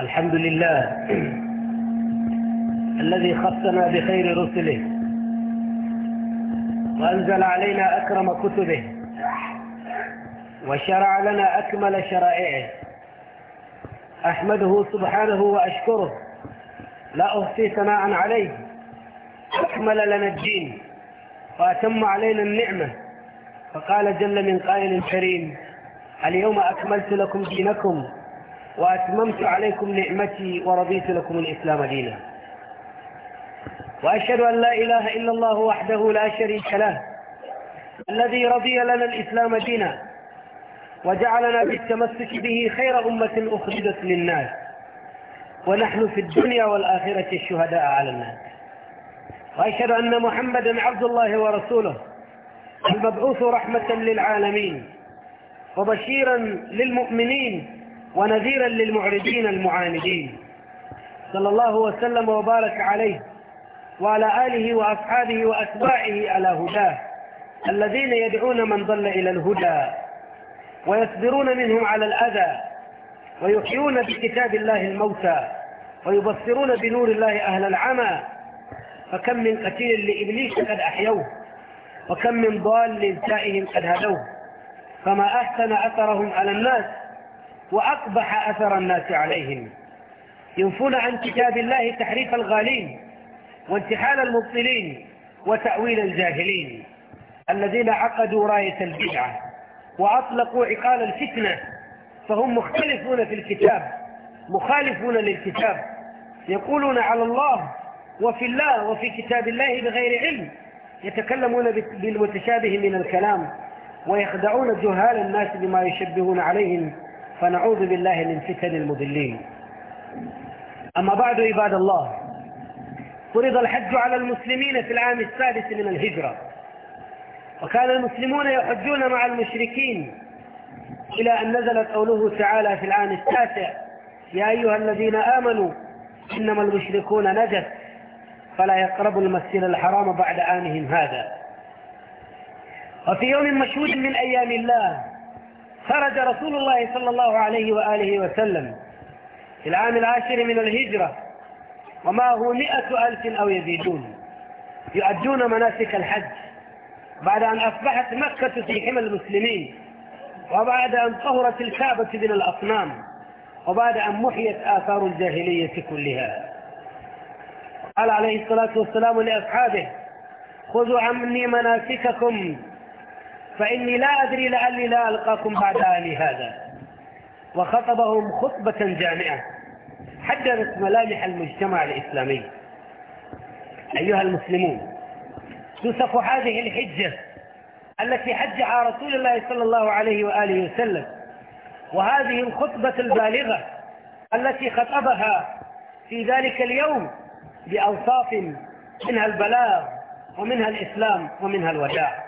الحمد لله الذي خصنا بخير رسله وأنزل علينا أكرم كتبه وشرع لنا أكمل شرائعه أحمده سبحانه وأشكره لا أحصي ثناء عليه أكمل لنا الدين وأتم علينا النعمة فقال جل من قائل كريم اليوم أكملت لكم دينكم وأتممت عليكم نعمتي ورضيت لكم الإسلام دينا وأشهد أن لا إله إلا الله وحده لا شريك له الذي رضي لنا الإسلام دينا وجعلنا بالتمسك به خير أمة أخرجت للناس ونحن في الدنيا والآخرة الشهداء على الناس وأشهد أن محمدا عبد الله ورسوله المبعوث رحمة للعالمين وبشيرا للمؤمنين ونذيرا للمعرضين المعاندين صلى الله وسلم وبارك عليه وعلى آله وأصحابه وأتباعه على هداه الذين يدعون من ضل إلى الهدى ويصبرون منهم على الأذى ويحيون بكتاب الله الموتى ويبصرون بنور الله أهل العمى فكم من قتيل لإبليس قد أحيوه وكم من ضال سائهم قد هدوه فما أحسن أثرهم على الناس وأقبح أثر الناس عليهم ينفون عن كتاب الله تحريف الغالين وانتحال المبطلين وتأويل الجاهلين الذين عقدوا راية البدعة وأطلقوا عقال الفتنة فهم مختلفون في الكتاب مخالفون للكتاب يقولون على الله وفي الله وفي كتاب الله بغير علم يتكلمون بالمتشابه من الكلام ويخدعون جهال الناس بما يشبهون عليهم فنعوذ بالله من فتن المضلين أما بعد عباد الله فرض الحج على المسلمين في العام السادس من الهجرة وكان المسلمون يحجون مع المشركين إلى أن نزلت قوله تعالى في العام التاسع يا أيها الذين آمنوا إنما المشركون نجس فلا يقربوا المسجد الحرام بعد آنهم هذا وفي يوم مشهود من أيام الله خرج رسول الله صلى الله عليه وآله وسلم في العام العاشر من الهجرة وما هو مئة ألف أو يزيدون يؤدون مناسك الحج بعد أن أصبحت مكة في حمى المسلمين وبعد أن طهرت الكعبة من الأصنام وبعد أن محيت آثار الجاهلية كلها قال عليه الصلاة والسلام لأصحابه خذوا عني مناسككم فإني لا أدري لعلي لا ألقاكم بعد آلي هذا وخطبهم خطبة جامعة حدثت ملامح المجتمع الإسلامي أيها المسلمون تصف هذه الحجة التي حجها رسول الله صلى الله عليه وآله وسلم وهذه الخطبة البالغة التي خطبها في ذلك اليوم بأوصاف منها البلاغ ومنها الإسلام ومنها الوداع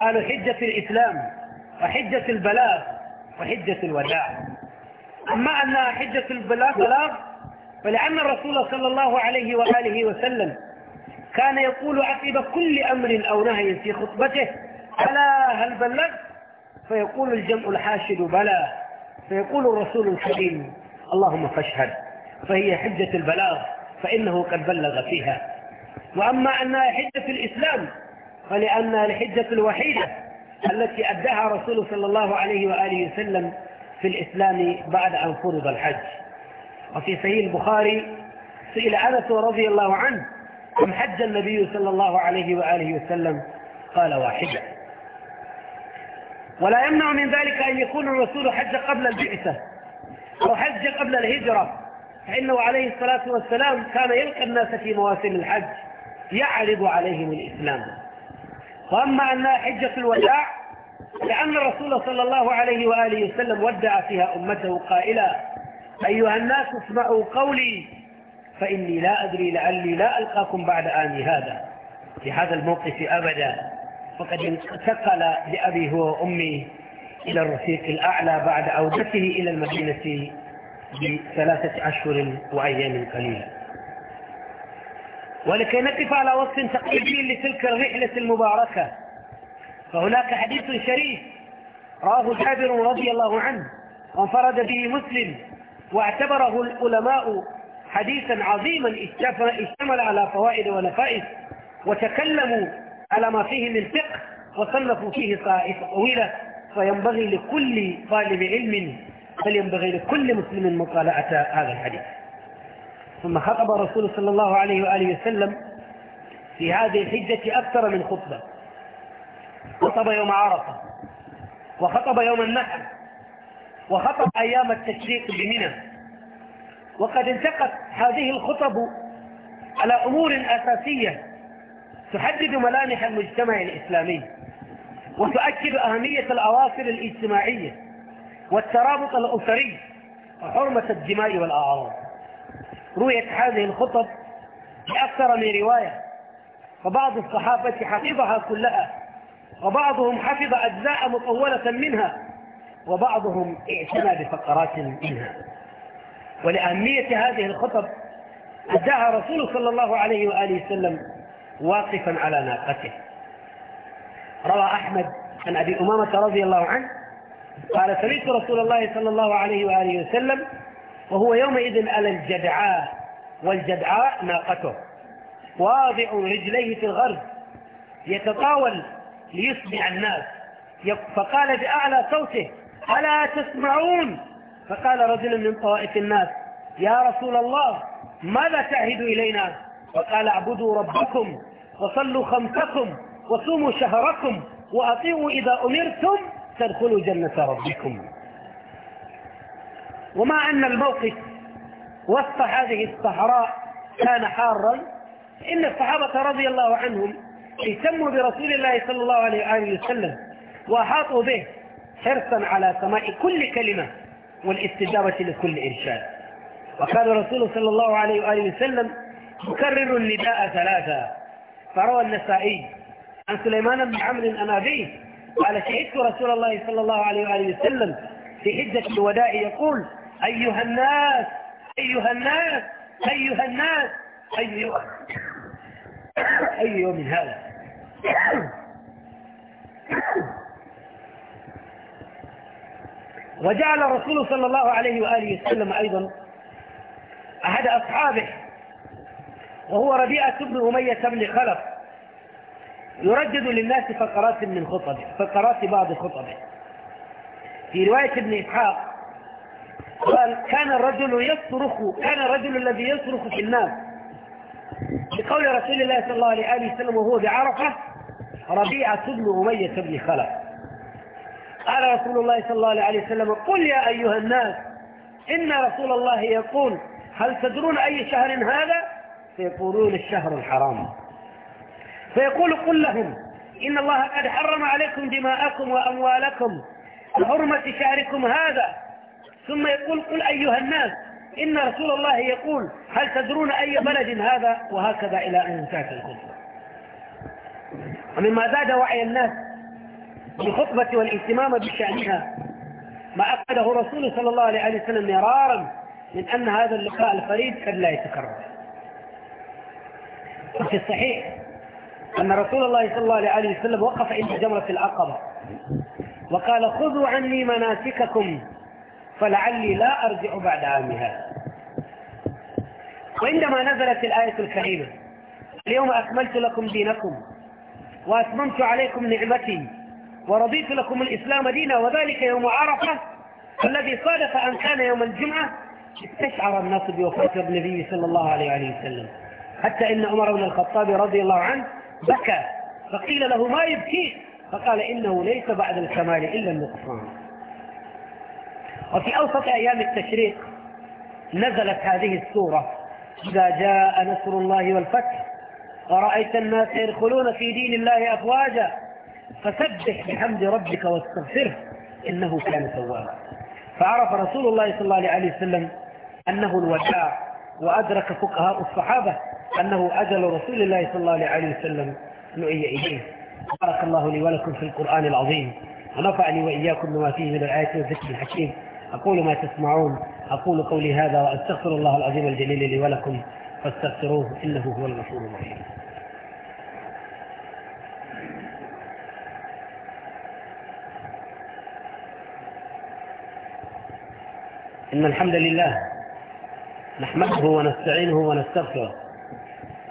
قال حجة الإسلام وحجة البلاغ وحجة الوداع أما أنها حجة البلاغ فلأن الرسول صلى الله عليه وآله وسلم كان يقول عقب كل أمر أو نهي في خطبته ألا هل بلغت فيقول الجمع الحاشد بلى فيقول الرسول الكريم اللهم فاشهد فهي حجة البلاغ فإنه قد بلغ فيها وأما أنها حجة الإسلام فلأنها الحجة الوحيدة التي أدها رسول صلى الله عليه وآله وسلم في الإسلام بعد أن فرض الحج وفي صحيح البخاري سئل أنس رضي الله عنه كم حج النبي صلى الله عليه وآله وسلم قال واحدة ولا يمنع من ذلك أن يكون الرسول حج قبل البعثة أو حج قبل الهجرة فإنه عليه الصلاة والسلام كان يلقى الناس في مواسم الحج يعرض عليهم الإسلام وأما أنها حجة الوداع لأن الرسول صلى الله عليه وآله وسلم ودع فيها أمته قائلا أيها الناس اسمعوا قولي فإني لا أدري لعلي لا ألقاكم بعد آني هذا في هذا الموقف أبدا فقد انتقل لأبي هو وأمي إلى الرفيق الأعلى بعد عودته إلى المدينة بثلاثة أشهر وأيام قليلة ولكي نقف على وصف تقريبي لتلك الرحلة المباركة فهناك حديث شريف راه جابر رضي الله عنه وانفرد به مسلم واعتبره العلماء حديثا عظيما اشتمل على فوائد ونفائس وتكلموا على ما فيه من فقه وصنفوا فيه طائفة طويلة فينبغي لكل طالب علم بل ينبغي لكل مسلم مطالعة هذا الحديث ثم خطب رسول صلى الله عليه وآله وسلم في هذه الحجة أكثر من خطبة خطب يوم عرفة وخطب يوم النحر وخطب أيام التشريق بمنى وقد انتقت هذه الخطب على أمور أساسية تحدد ملامح المجتمع الإسلامي وتؤكد أهمية الأواصر الاجتماعية والترابط الأسري وحرمة الدماء والأعراض رويت هذه الخطب بأكثر من رواية فبعض الصحابة حفظها كلها وبعضهم حفظ أجزاء مطولة منها وبعضهم اعتنى بفقرات منها ولأهمية هذه الخطب أداها رسول صلى الله عليه وآله وسلم واقفا على ناقته روى أحمد عن أبي أمامة رضي الله عنه قال سمعت رسول الله صلى الله عليه وآله وسلم وهو يومئذ على الجدعاء والجدعاء ناقته واضع رجليه في الغرب يتطاول ليسمع الناس فقال بأعلى صوته ألا تسمعون فقال رجل من طوائف الناس يا رسول الله ماذا تعهد إلينا فقال اعبدوا ربكم وصلوا خمسكم وصوموا شهركم وأطيعوا إذا أمرتم تدخلوا جنة ربكم ومع أن الموقف وسط هذه الصحراء كان حارا إن الصحابة رضي الله عنهم اهتموا برسول الله صلى الله عليه وآله وسلم وأحاطوا به حرصا على سماع كل كلمة والاستجابة لكل إرشاد وكان الرسول صلى الله عليه وآله وسلم يكرر النداء ثلاثة فروى النسائي عن سليمان بن عمرو عن قال شهدت رسول الله صلى الله عليه وآله وسلم في حجة الوداع يقول أيها الناس أيها الناس أيها الناس أي أي يوم هذا وجعل الرسول صلى الله عليه وآله وسلم أيضا أحد أصحابه وهو ربيعة بن أمية بن خلف يردد للناس فقرات من خطبه فقرات بعض خطبه في رواية ابن إسحاق قال كان الرجل يصرخ كان الرجل الذي يصرخ في الناس بقول رسول الله صلى الله عليه وسلم وهو بعرفة ربيعة بن أمية بن خلف قال رسول الله صلى الله عليه وسلم قل يا أيها الناس إن رسول الله يقول هل تدرون أي شهر هذا فيقولون الشهر الحرام فيقول قل لهم إن الله قد حرم عليكم دماءكم وأموالكم وحرمة شعركم هذا ثم يقول قل أيها الناس إن رسول الله يقول هل تدرون أي بلد هذا وهكذا إلى أن انتهت الخطبة ومما زاد وعي الناس بالخطبة والاهتمام بشأنها ما أكده رسول صلى الله عليه وسلم مرارا من أن هذا اللقاء الفريد قد لا يتكرر وفي الصحيح أن رسول الله صلى الله عليه وسلم وقف عند جمرة العقبة وقال خذوا عني مناسككم فلعلي لا أرجع بعد عام هذا وعندما نزلت الآية الكريمة اليوم أكملت لكم دينكم وأتممت عليكم نعمتي ورضيت لكم الإسلام دينا وذلك يوم عرفة الذي صادف أن كان يوم الجمعة استشعر الناس بوفاة النبي صلى الله عليه وسلم حتى إن عمر بن الخطاب رضي الله عنه بكى فقيل له ما يبكيك فقال إنه ليس بعد الكمال إلا النقصان وفي أوسط أيام التشريق نزلت هذه السورة إذا جاء نصر الله والفتح ورأيت الناس يدخلون في دين الله أفواجا فسبح بحمد ربك واستغفره إنه كان توابا فعرف رسول الله صلى الله عليه وسلم أنه الوداع وأدرك فقهاء الصحابة أنه أجل رسول الله صلى الله عليه وسلم نعي إليه بارك الله لي ولكم في القرآن العظيم ونفعني وإياكم بما فيه من الآيات والذكر الحكيم أقول ما تسمعون أقول قولي هذا وأستغفر الله العظيم الجليل لي ولكم فاستغفروه إنه هو الغفور الرحيم إن الحمد لله نحمده ونستعينه ونستغفره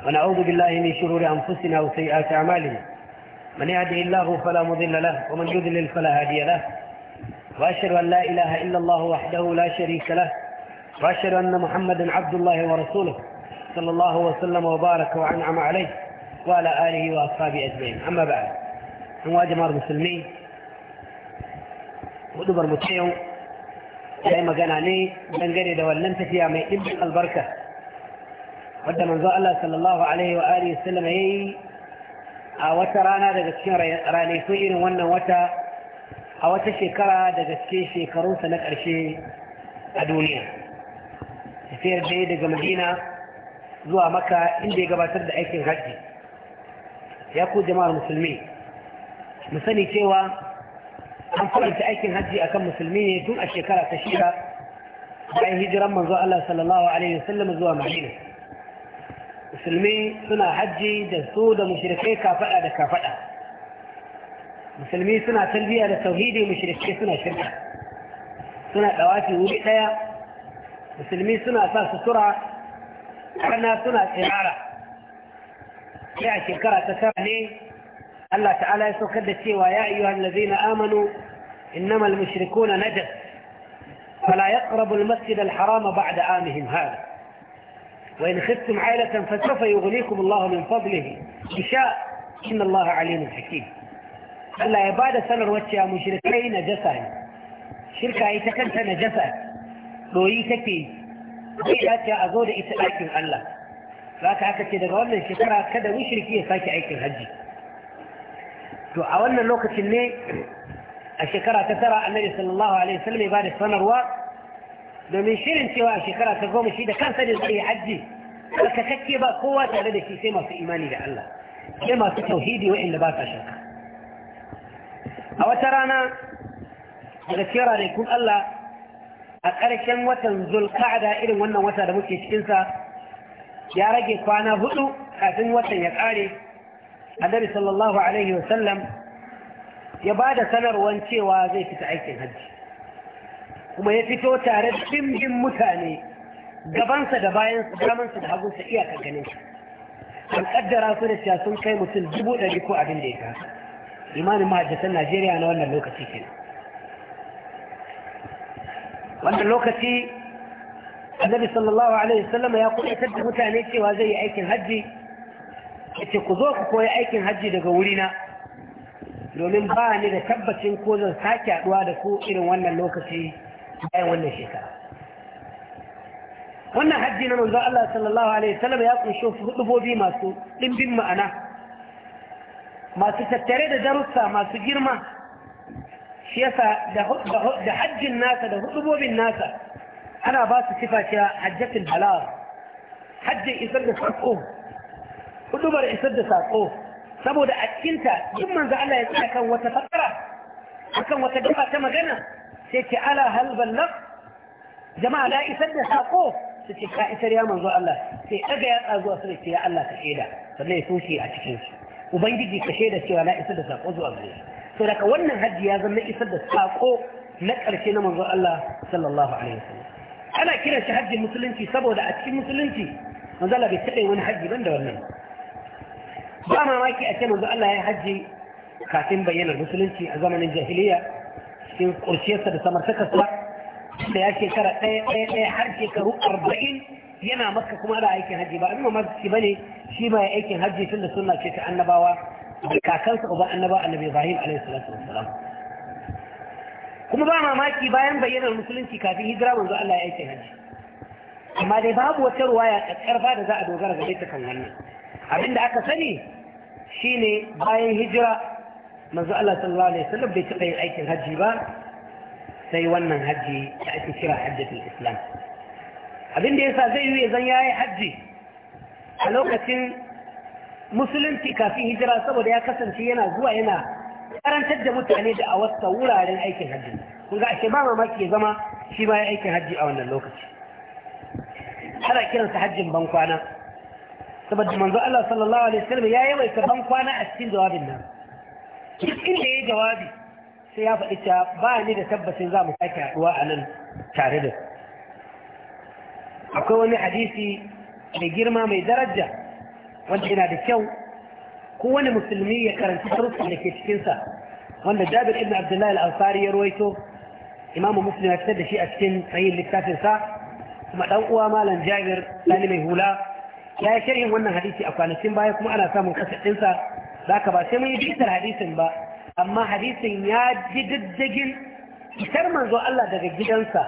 ونعوذ بالله من شرور أنفسنا وسيئات أعمالنا من يهده الله فلا مضل له ومن يضلل فلا هادي له وأشهد أن لا إله إلا الله وحده لا شريك له وأشهد أن محمدا عبد الله ورسوله صلى الله وسلم وبارك وأنعم عليه وعلى آله وأصحابه أجمعين أما بعد من جماعة المسلمين ودبر متعيو زي ما قال عليه من da wannan tafiya mai ɗimbin البركه wadda manzo Allah sallallahu alaihi wa alihi wasallam yayi a wata rana daga cikin ranaku irin wannan wata a wata shekara daga cikin shekarunsa na ƙarshe a duniya tafiyar da daga madina zuwa maka inda ya gabatar da aikin hajji ya ku jama'ar musulmi mu sani cewa an faranta aikin hajji akan musulmi ne tun a shekara ta shida bayan hijiran manzo Allah sallallahu alaihi wasallam zuwa madina musulmi suna hajji da su da mushrikai kafaɗa da kafaɗa musulmi suna talbiya da tauhidi mushrikai suna shirka suna ɗawafi wuri ɗaya musulmi suna sa sutura karna suna tsirara sai a shekara ta tara ne Allah ta'ala ya saukar da cewa ya ayyuhan lazina amanu innamal mushrikuna najas فلا يقربوا المسجد الحرام بعد عامهم هذا وإن خفتم عائلة فسوف يغنيكم الله من فضله إن إن الله عليم حكيم Allah ya bada sanarwar cewa mushrikai najasa ne shirka ita kanta najasa doyi take bai dace a zo da ita ɗakin Allah za ka aka ce daga wannan shekara kada shirki ya sake aikin hajji to a wannan lokacin ne a shekara ta tara alaihi ya bada sanarwa domin shirin cewa a shekara ta goma shi da kansa ne zai hajji ka kake ba kowa tare da shi sai masu imani da Allah sai masu tauhidi waɗanda ba sa shakka a wata rana daga cikin ranakun Allah a ƙarshen watan zulka'ada irin wannan wata da muke cikinsa ya rage kwana hudu kafin watan ya ƙare annabi sallallahu alaihi wasallam ya ba da sanarwar cewa zai fita aikin hajji kuma ya fito tare da dimbin mutane gabansa da bayan damansa da hagunsa iyaka ganin shi an kaddara su da cewa sun kai mutum dubu ɗari ko abin da ya ka imanin mahajjatan najeriya na wannan lokaci ke wannan lokaci annabi sallallahu alaihi wasallam ya kuɗaitar da mutane cewa zai yi aikin hajji ce ku zo ku koyi aikin hajji daga wurina domin ba ni da tabbacin ko zan sake haɗuwa da ku irin wannan lokaci bayan wannan shekara wannan hajji na manzo Allah sallallahu alaihi wasallam ya kunshi hudubobi masu dimbin ma'ana masu tattare da darussa masu girma shi yasa da hajjin nasa da hudubobin nasa ana ba su sifa cewa hajjatul halal hajji isar da sako hudubar isar da sako saboda a cikinta duk manzo Allah ya tsaya kan wata fakara akan wata gaba ta magana sai ce ala hal ballaq jama'a na isar da sako su ce ka isar ya manzo Allah sai daga ya tsago su ce ya Allah ka shaida sannan ya toshe a cikin su ubangiji ka shaida cewa na isar da sako zuwa gare shi to daga wannan hajji ya zama isar da sako na ƙarshe na manzo Allah sallallahu alaihi wasallam ana kiran shi hajji musulunci saboda a cikin musulunci manzo Allah bai taɓa wani hajji ban da wannan ba mamaki a ce manzo Allah ya hajji kafin bayyanar musulunci a zamanin jahiliya cikin ƙurciyarsa da samartakarsa da ya shekara ɗaya ɗaya ɗaya har shekaru arba'in yana maka kuma da aikin hajji ba abin mamaki ba ne shi ma ya aikin hajji tun da suna ce ta annabawa da kakansa uba annaba annabi ibrahim alaihi salatu wassalam kuma ba mamaki bayan bayyanar musulunci kafin hijira manzo Allah ya aikin hajji amma dai babu wata ruwaya karfa da za a dogara ga ta kan wannan abinda aka sani shine bayan hijira manzo Allah sallallahu alaihi wasallam bai taɓa yin aikin hajji ba sai wannan hajji da ake kira hajjatul islam abin da yasa zai yi zan yayi hajji a lokacin musulunci kafin hijira saboda ya kasance yana zuwa yana karantar da mutane da a wasu wuraren aikin hajji kun ga ashe ba mamaki ya zama shi ma ya aikin hajji a wannan lokaci ana kiransa hajjin bankwana saboda manzo Allah sallallahu alaihi wasallam ya yi wai ban kwana a cikin jawabin nan duk inda ya jawabi sai ya faɗi ta ba ni da tabbacin za mu sake haɗuwa a nan tare da akwai wani hadisi mai girma mai daraja wanda yana da kyau ko wani musulmi ya karanci harufan da ke cikinsa wanda jabir ibn abdullahi al-ansari ya ruwaito imamu muslim ya fitar da shi a cikin sahihin littafinsa kuma dan uwa malam jabir lani mai hula ya yi sharhin wannan hadisi a kwanakin baya kuma ana samun kasa ɗinsa ka ba sai mun yi bitar hadisin ba amma hadisin ya ji diddigin isar manzo Allah daga gidansa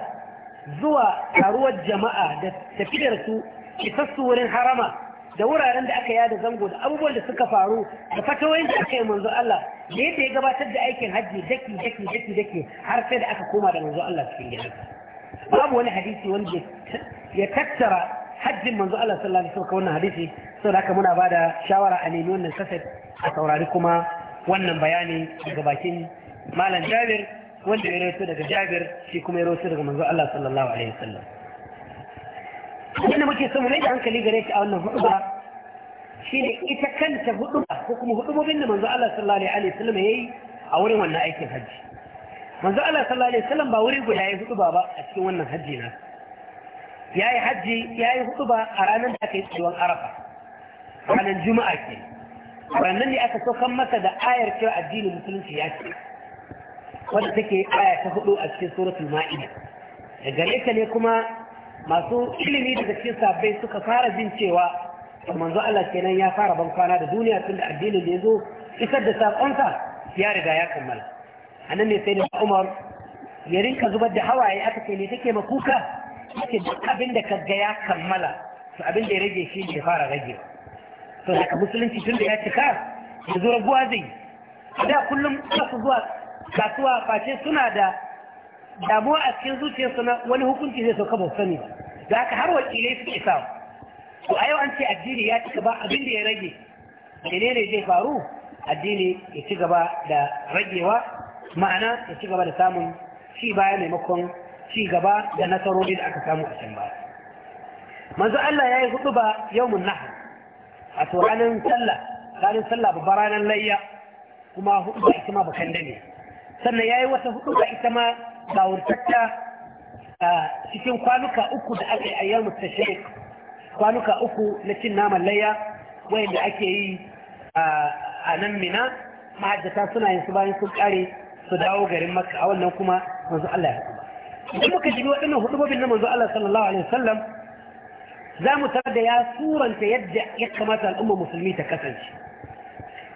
zuwa taruwar jama'a da tafiyar su isassu wurin harama da wuraren da aka yada zango da abubuwan da suka faru da fatawoyin da aka yi manzo Allah da yadda ya gabatar da aikin hajji daki daki daki daki har sai da aka koma da manzo Allah cikin gidansa babu wani hadisi wanda ya tattara hajjin manzo Allah sallallahu alaihi wasallam wannan hadisi saboda haka muna bada shawara a nemi wannan kaset a saurari kuma wannan bayani daga bakin malam Jabir wanda ya rawaito daga Jabir shi kuma ya rawaito daga manzo Allah sallallahu alaihi wasallam wanda muke so mu mai da hankali gare shi a wannan shi ne ita kanta huduba ko kuma hudubobin da manzo Allah sallallahu alaihi wasallam yayi a wurin wannan aikin hajji manzo Allah sallallahu alaihi wasallam ba wuri guda ya huduba ba a cikin wannan hajji na ya yi hajji ya yi ba a ranar da aka yi tsayuwar arafa ranar juma'a ke ranar ne aka kan masa da ayar cewa addinin musulunci ya ce wadda take aya ta hudu a cikin suratul ma'ida da gare ta ne kuma masu ilimi daga cikin sabbai suka fara jin cewa manzo Allah kenan ya fara ban kwana da duniya tun da addinin da ya zo isar da sakonsa ya riga ya kammala a nan ne sai da Umar ya rinka zubar da hawaye aka ce ne take makuka yake duk abin da kaga ya kammala to abin da ya rage shi ne fara rage to ka musulunci tun da ya cika da zuwa raguwa zai da kullum za su zuwa kasuwa face suna da damuwa a cikin zuciyarsu na wani hukunci zai sauka bau sani ba da haka har wakilai suke sa. to a yau an ce addini ya cika ba abin da ya rage menene zai faru addini ya ci gaba da ragewa ma'ana ya ci gaba da samun ci baya maimakon ci gaba da nasarori da aka samu a can ba. manzo Allah ya yi hudu ba yawmun nahar a to ranar sallah ranar sallah babbar ranar layya kuma hudu ba ita ma ba bakan dane sannan ya yi wata hudu ba ita ma gawurtatta a cikin kwanuka uku da aka yi a yawmun tashirik kwanuka uku na cin naman layya wayanda ake yi a nan mina mahajjata suna yin su bayan sun kare su dawo garin makka a wannan kuma manzo Allah ya hudu idan muka shiga waɗannan hudubobin na manzo Allah sallallahu alaihi wasallam za mu tarar da ya suranta yadda ya kamata al'ummar musulmi ta kasance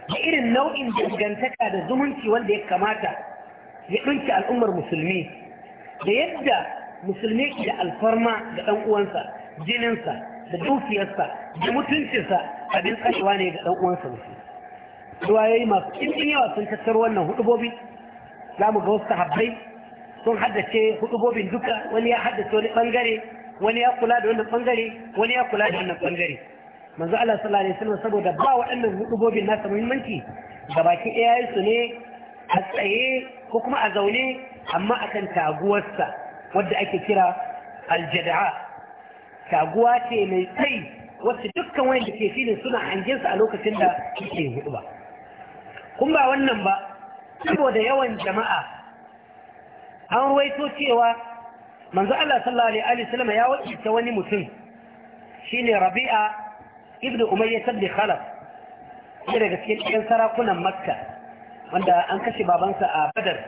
da irin nau'in dangantaka da zumunci wanda ya kamata ya ɗunki al'ummar musulmi da yadda musulmi ke da alfarma da ɗan uwansa jininsa da dukiyarsa da mutuncinsa abin tsarewa ne ga ɗan uwansa musulmi ruwayoyi masu ɗin yawa sun tattar wannan hudubobi za mu ga wasu sahabbai sun haddace hudubobin duka wani ya haddace wani bangare wani ya kula da wannan bangare wani ya kula da wannan bangare manzo Allah sallallahu alaihi wasallam saboda ba waɗannan hudubobin nasa muhimmanci gabaki ɗaya su ne a tsaye ko kuma a zaune amma akan taguwarsa wadda ake kira aljada'a taguwa ce mai tsayi wacce dukkan wanda ke filin suna hangensa a lokacin da yake hudu ba kun ba wannan ba saboda yawan jama'a an ruwaito cewa manzo Allah sallallahu alaihi wasallam ya wakilta wani mutum shine Rabi'a ibn Umayyah ibn Khalaf shi daga cikin ɗan sarakunan Makka wanda an kashe babansa a Badar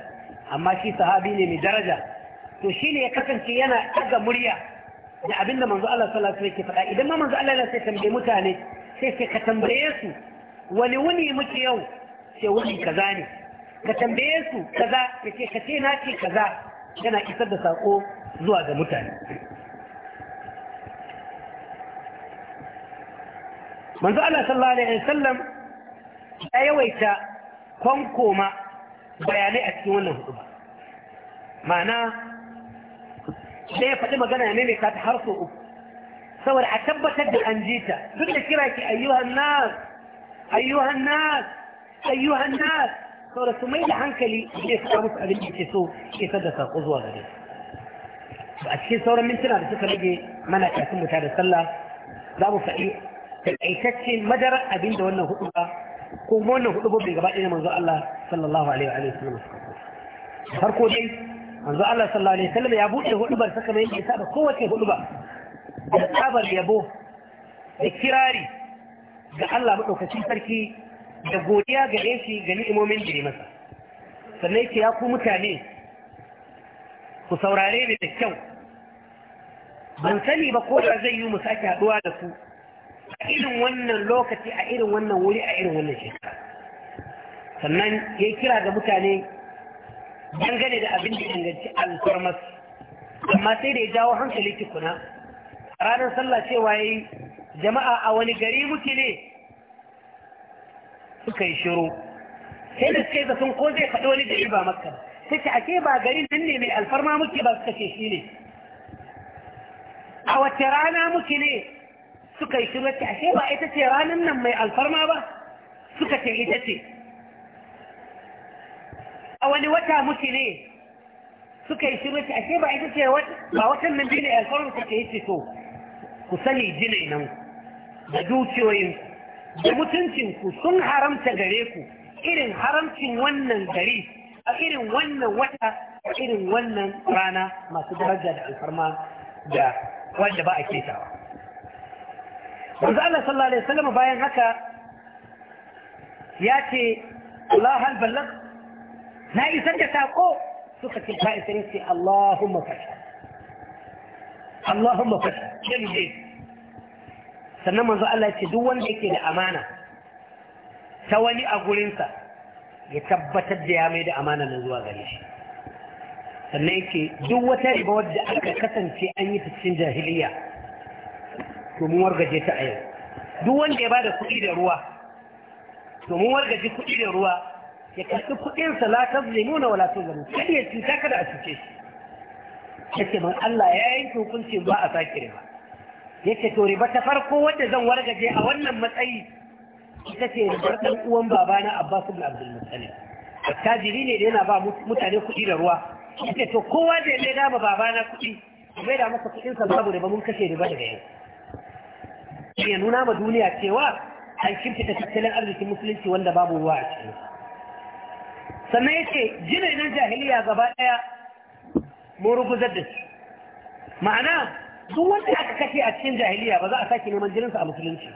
amma shi sahabi ne mai daraja to shine ya kasance yana daga murya da abinda manzo Allah sallallahu alaihi wasallam ke faɗa idan ma manzo Allah sai tambaye mutane sai sai ka tambaye su wani wuni muke yau sai wuni kaza ne ka tambaye su kaza ka ce ka ce na ce kaza yana isar da sako zuwa ga mutane manzo Allah sallallahu alaihi wasallam ya yawaita kwankoma bayanai a cikin wannan hudu ma'ana sai ya faɗi magana ne mai kata har so uku saboda a tabbatar da an jita duk da kira ki ayyuhan nas ayyuhan nas ayyuhan nas saboda su mai da hankali zai faɗa musu abin da ke so ke sadda saƙo zuwa gare su a cikin sauran mintuna da suka rage mana ƙarfin mu da sallah za mu faɗi taƙaitacce madarar abin da wannan hudu ba ko wannan hudu ba bai gaba ɗaya manzo Allah sallallahu alaihi wa sallam farko dai manzo Allah sallallahu alaihi wa sallam ya buɗe hudu bar saka mai isa da kowace hudu ba da tsabar yabo da kirari ga Allah maɗaukacin sarki da godiya ga shi ga ni'imomin da ya masa sannan yake ya ku mutane ku saurare ni da kyau ban sani ba ko da zai yi mu sake haɗuwa da su a irin wannan lokaci a irin wannan wuri a irin wannan shekara sannan ya kira ga mutane dangane da abin da inganci alfarmas amma sai da ya jawo hankali tukuna a ranar sallah cewa ya yi jama'a a wani gari muke ne suka yi shiru sai da suka yi zafin ko zai faɗi wani da ba makka sai ce ake ba gari nan ne mai alfarma muke ba suka ce shi ne a wace rana muke ne suka yi shiru ce ake ba ita ce ranan nan mai alfarma ba suka ce ita ce a wani wata muke ne suka yi shiru ce ake ba ita ce ba watan nan bi ne alfarma suka yi ce to ku sani jinai nan da dukiyoyinku da mutuncinku sun haramta gare ku irin haramcin wannan gari a irin wannan wata a irin wannan rana masu daraja da alfarma da wanda ba a ketawa. Wanzu Allah sallallahu Alaihi wasallam bayan haka ya ce, Allah halballar na isar da saƙo suka ce ta isar ce Allahumma fasha. Allahumma fasha, yadda sannan manzo Allah ce duk wanda yake da amana ta wani a gurinsa ya tabbatar da ya mai da amana nan zuwa gare shi sannan yake duk wata riba wadda aka kasance an yi ta cikin jahiliya to mun wargaje ta a yau duk wanda ya bada kuɗi da ruwa to mun wargaje kuɗi da ruwa ya karɓi kuɗinsa la ta na wala ta zama kada ya cuta kada a cuce shi yake man Allah ya yanke hukunci ba a sake riba yake to riba ta farko wadda zan wargaje a wannan matsayi ita ce da ɗan uwan babana Abbas ibn Abdul Muttalib tajiri ne da yana ba mutane kuɗi da ruwa yake to kowa da ya da ba babana kuɗi bai da masa kuɗin sa babu riba mun kashe riba daga yau ya nuna ma duniya cewa an shimfita tattalin arzikin musulunci wanda babu ruwa a cikin sannan yake jinin jahiliya gaba ɗaya mun ruguzar da ma'ana duk wanda aka kashe a cikin jahiliya ba za a sake neman jininsa a musulunci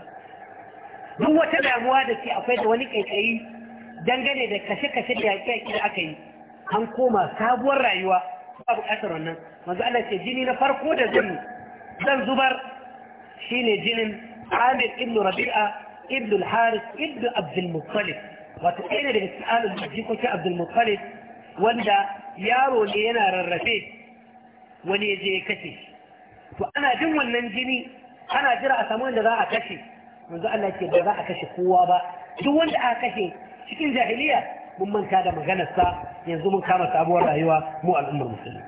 duk wata damuwa da ke akwai da wani kaikayi dangane da kashe-kashe da yaƙi-yaƙi da aka yi an koma sabuwar rayuwa ba buƙatar wannan manzo Allah ce jini na farko da zan zan zubar shine jinin Amir ibn Rabi'a ibn al-Haris ibn Abdul Muttalib wato ɗaya daga cikin alul jikoki Abdul Muttalib wanda yaro ne yana rarrafe wani ya je ya kashe to ana jin wannan jini ana jira a samu wanda za a kashe yanzu Allah ce ba za a kashe kowa ba duk wanda aka kashe cikin jahiliya mun manta da maganarsa yanzu mun kama sabuwar rayuwa mu al'ummar musulmi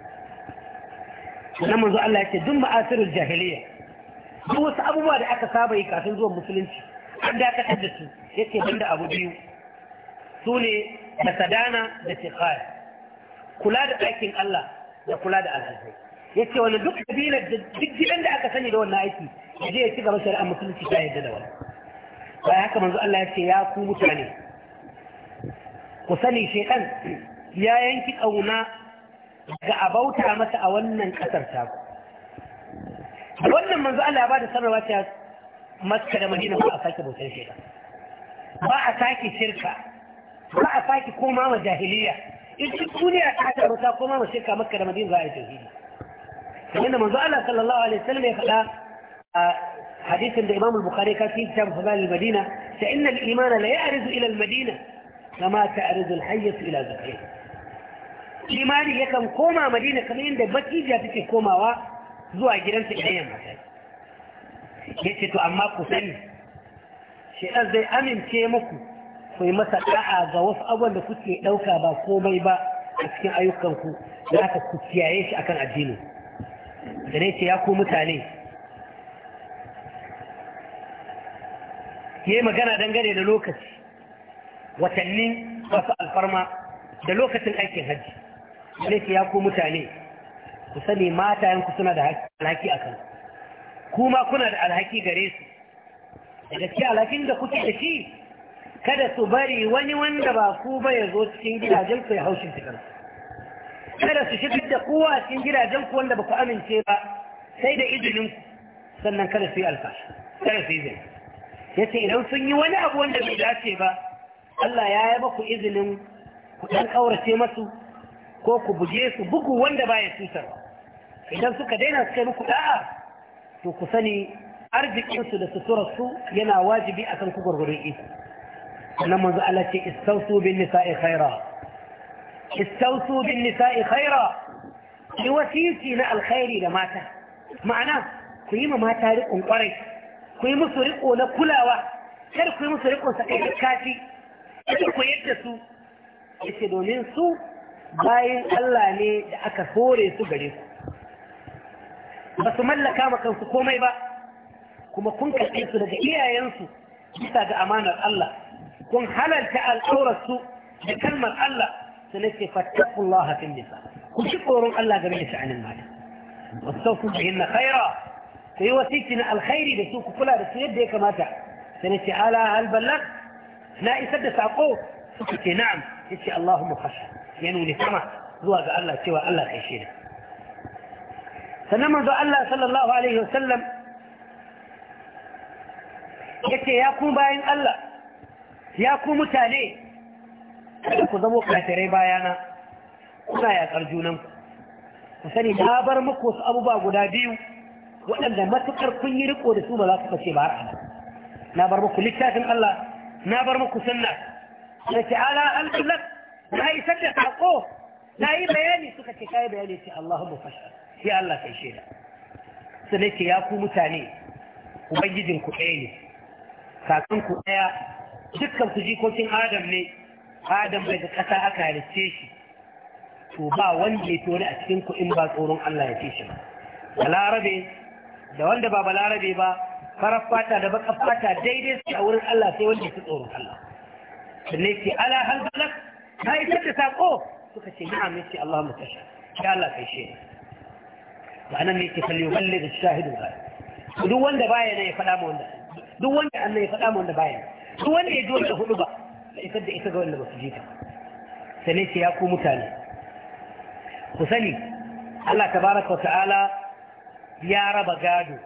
sannan manzo Allah yake dun duk ma'asirul jahiliya duk wasu abubuwa da aka saba yi kafin zuwan musulunci an dakatar da su yace banda abu biyu su ne da sadana da tiqaya kula da ɗakin Allah da kula da alhazai ya ce wani duk kabilar da duk gidan da aka sani da wannan aiki ya je ya ci gaba shari'a musulunci ta yadda da wani ba haka manzo Allah ya ce ya ku mutane ku sani shekan ya yanki ƙauna ga abauta masa a wannan ƙasar taku wannan manzo Allah ba da sanarwa ta maska da Madina ba a sake bautar shekan ba a sake shirka ba a sake koma ma jahiliya in duniya ta tabbata koma ma shirka maska da Madina za a yi tauhidi kamar da manzo Allah sallallahu alaihi wasallam ya faɗa a hadisin da Imam Bukhari ka fi kitab Fadal al-Madina ta inna al-iman la ya'rizu ila al-Madina kama ta'rizu al-hayy ila zakri imani yakan koma Madina kamar yadda batija take komawa zuwa gidansa idan yamma yace to amma ku sani shedan zai amince muku ku yi masa da'a ga wasu abubuwan da kuke ɗauka ba komai ba a cikin ayyukanku da aka ku kiyaye shi akan addinin. da ne ce ya ku mutane ke magana dangane da lokaci watanni masu alfarma da lokacin aikin hajji da ne ce ya ku mutane ku sani matayenku suna da alhaki a kan kuma kuna da alhaki gare su da gaske alhakin da kuke da shi kada su bari wani wanda ba ku ba ya zo cikin gidajen ku ya haushin cikin kada su shigar da kowa a cikin gidajen ku wanda ba ku amince ba sai da izinin ku sannan kada su yi alfashi kada su yi ya ce idan sun yi wani abu wanda bai dace ba Allah ya yi baku izinin ku ɗan ƙaurace masu ko ku buge su bugu wanda baya cutarwa idan suka daina su yi muku to ku sani arzikinsu da suturarsu yana wajibi akan ku gwargwaron iko sannan manzo Allah ce istausu bin nisa'i khaira istausu bin nisa'i khaira ki wasisi na alkhairi da mata ma'ana kuyi yi ma mata riƙon kuyi musu riƙo na kulawa kar ku musu riƙon sa kai kafi ku yadda su yace domin su bayan Allah ne da aka hore su gare ku ba su mallaka ma kansu komai ba kuma kun karɓe su daga iyayensu bisa ga amanar Allah kun halarta al'aurarsu da kalmar Allah su nake fattakullah a cikin nisa tsoron Allah game da sha'anin mata wasu ku bihin na khaira ku yi wasiki alkhairi da su ku kula da su yadda ya kamata su nake ala alballak na isar da saƙo su ce na'am ya ce Allahu mu fasha ya nuni sama zuwa ga Allah cewa Allah shi ne sannan manzo Allah sallallahu alaihi yake ya ku bayan Allah ya ku mutane kada ku zamo kafirai bayana kuna yaƙar junan ku sani na bar muku wasu abubuwa guda biyu waɗanda matuƙar kun yi riko da su ba za ku fashe ba har na bar muku littafin Allah na bar muku sunna da ta'ala al-qiblat na yi sadda saƙo, na yi bayani suka ce kai bayani ce Allahumma fashal ya Allah kai da. sai ce ya ku mutane ubangijin ku ɗaya ne Kakanku ku ɗaya dukkan ku jikokin Adam ne adam daga ƙasa aka halice shi to ba wanda ya tori a cikin ku in ba tsoron Allah ya ce shi ba balarabe da wanda ba balarabe ba farar fata da bakar fata daidai su a wurin Allah sai wanda ya fi tsoron Allah sannan ce ala hal balak na isar da sako suka ce ni amin ce Allah mu tasha ya Allah kai shi ba nan ne ke kalli walle da shahidu ba duk wanda baya ne ya faɗa ma wanda duk wanda Allah ya faɗa ma wanda baya duk wanda ya ji wanda hudu ba da da ita ga wanda ba su ji ta sai ya ku mutane ku sani Allah tabaraka wa ta'ala ya raba gado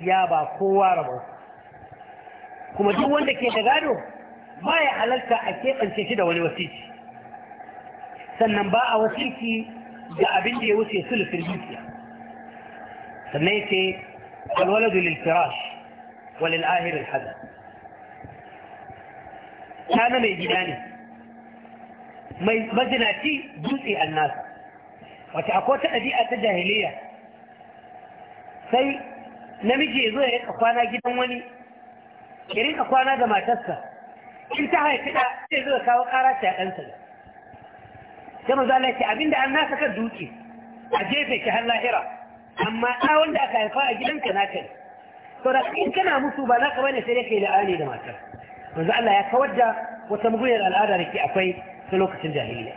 ya ba kowa rabon kuma duk wanda ke da gado ba ya halarta a keɓance shi da wani wasiki sannan ba a wasiki da abin da ya wuce sulufin dukiya sannan ya ce alwaladu lil firash walil ahir al kana mai gida ne mai majinaci dutse annasa wata akwai ta ɗabi'a ta jahiliya sai namiji ya zo ya rika kwana gidan wani ya rika kwana da matarsa in ta haifi da zai zo ya kawo ƙara ta ɗansa da sai maza Allah ce abinda an nasa kan dutse a jefe ki har lahira amma ɗa wanda aka haifa a gidanka na kai, to da in kana musu ba za ka bane sai dai kai la'ani da matar manzo Allah ya kawar da wata mugunyar al'ada da ke akwai ta lokacin jahiliya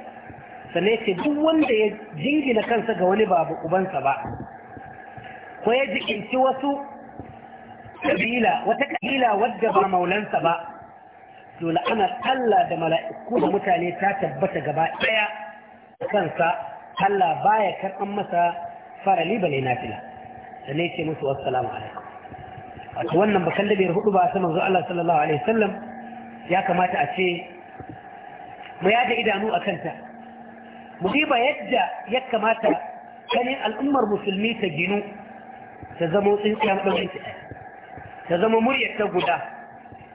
sannan ya ce duk wanda ya jingina kansa ga wani babu ubansa ba ko ya jikinci wasu kabila wata kabila wadda ba maulansa ba to la'anar Allah da mala'iku da mutane ta tabbata gaba ɗaya kansa Allah baya karɓan masa farali bale nafila sannan ya ce musu wassalamu alaikum wato wannan bakan da bai hudu ba ta manzo Allah sallallahu alaihi wasallam ya kamata a ce mu yada idanu a kanta mu diba yadda ya kamata ganin al'ummar musulmi ta ginu ta zama tsintsiyar ɗaurin ta zama muryar ta guda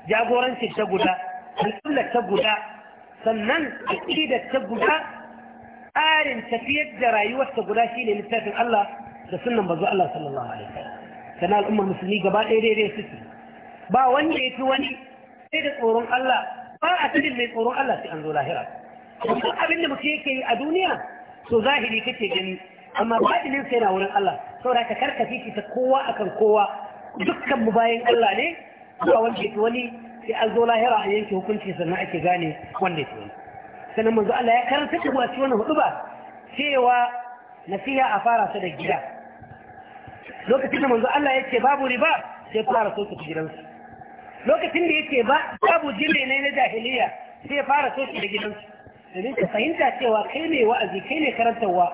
jagorancin ta guda alƙullar ta guda sannan aƙidar ta guda tsarin tafiyar da rayuwar ta guda shine littafin Allah da sunan bazu Allah sallallahu alaihi wasallam sana al'ummar musulmi gaba ɗaya daidai suke ba wanda ya fi wani sai da tsoron Allah ba a cikin mai tsoron Allah sai an zo lahira duk abin da mutum yake yi a duniya to zahiri kake gani amma baɗinin sai na wurin Allah saboda ka karkace ka ta kowa akan kowa dukkan mu bayan Allah ne ba wanda yake wani sai an zo lahira a yanke hukunci sannan ake gane wanda yake wani sannan manzo Allah ya karanta da a wannan hudu ba cewa nasiha a fara ta da gida lokacin da manzo Allah ya ce babu riba sai fara so ta gidansa lokacin da yake ba babu jile ne na jahiliya sai ya fara soke da gidansu domin ka fahimta cewa kai ne wa'azi kai ne karantarwa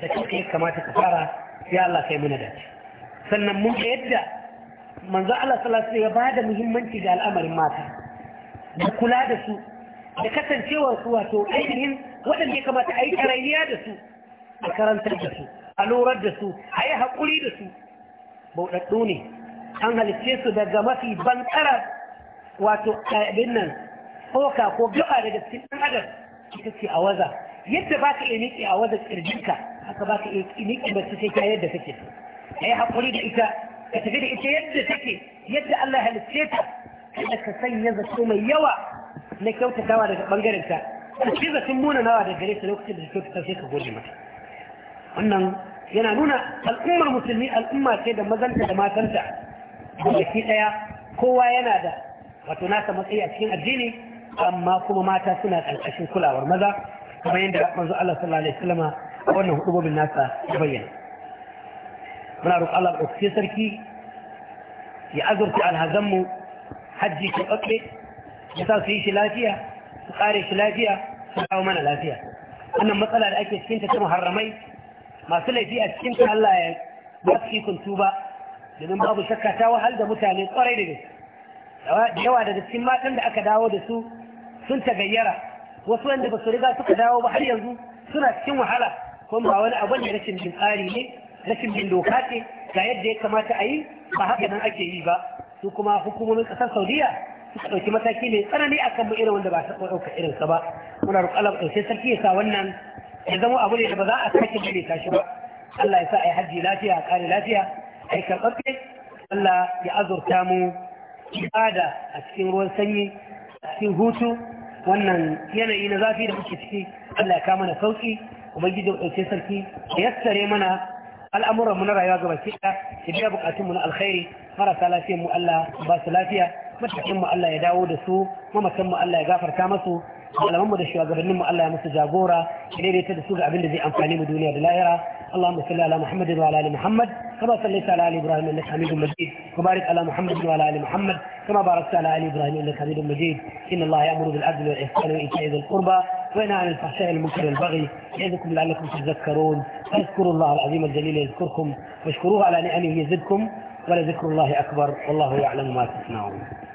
da kanka ya kamata ka fara sai Allah kai mana dace sannan mun ga yadda manzo Allah sallallahu alaihi ya bada muhimmanci ga al'amarin mata da kula da su da kasancewar su wato ainihin waɗanda ya kamata a yi tarayya da su a karantar da su a lura da su a yi haƙuri da su bauɗaɗɗu ne an halicce su daga mafi bankara wato abin nan ko gaba daga cikin ɗan adam ita ce a waza yadda ba ka iya miƙe a waza ƙirjinka haka ba ka iya miƙe ba su sai yadda take ka yi haƙuri da ita ka tafi da ita yadda take yadda Allah ya halicce ta kada ka sanya zato mai yawa na kyautatawa daga ɓangaren ta shi zaton muna nawa da gare ta lokacin da ta kyautata sai ka gode mata wannan yana nuna al'ummar musulmi al'umma ce da mazanta da matanta da baki ɗaya kowa yana da wato nasa matsayi a cikin addini amma kuma mata suna ƙarƙashin kulawar maza kamar yadda manzo Allah sallallahu alaihi wasallama a wannan hudubobin nasa ya bayyana muna roƙon Allah ɗaukacin sarki ya azurta alhazanmu hajji ta ƙaƙƙe ya sa su yi shi lafiya su ƙare shi lafiya su kawo mana lafiya wannan matsala da ake cikinta ta muharramai masu laifi a cikinta Allah ya ba su ikon tuba domin babu shakka ta wahal da mutane ƙwarai da gaske da yawa da cikin matan da aka dawo da su sun gayyara wasu wanda ba su riga suka dawo ba har yanzu suna cikin wahala kuma ba wani abu ne rashin bin tsari ne rashin bin doka ce ga yadda ya kamata a yi ba haka nan ake yi ba su kuma hukumomin kasar saudiya suka ɗauki mataki mai tsanani a kan irin wanda ba ta ɗauka irinsa ba muna roƙon Allah ɗauke sarki ya sa wannan ya zama abu ne da ba za a sake ta shi ba Allah ya sa a yi hajji lafiya a ƙare lafiya a yi karɓarfe Allah ya azurta mu ibada a cikin ruwan sanyi a cikin hutu wannan yanayi na zafi da muke ciki Allah ya ka mana sauki ubangiji da ɗauke sarki Ya yassare mana al'amuran mu na rayuwa ga baki da ya biya bukatun mu na alkhairi marasa lafiyar mu Allah ba su lafiya matakin mu Allah ya dawo da su mamatan mu Allah ya gafarta masu malaman mu da shugabannin mu Allah ya musu jagora ya daidaita da su ga abin da zai amfani mu duniya da lahira اللهم صل على محمد وعلى ال محمد كما صليت على ال ابراهيم انك حميد مجيد وبارك على محمد وعلى ال محمد كما باركت على ال ابراهيم انك حميد مجيد ان الله يامر بالعدل والاحسان وايتاء ذي القربى وينهى عن الفحشاء والمنكر والبغي يعظكم لعلكم تذكرون فاذكروا الله العظيم الجليل يذكركم واشكروه على نعمه يزدكم ولذكر الله اكبر والله يعلم ما تصنعون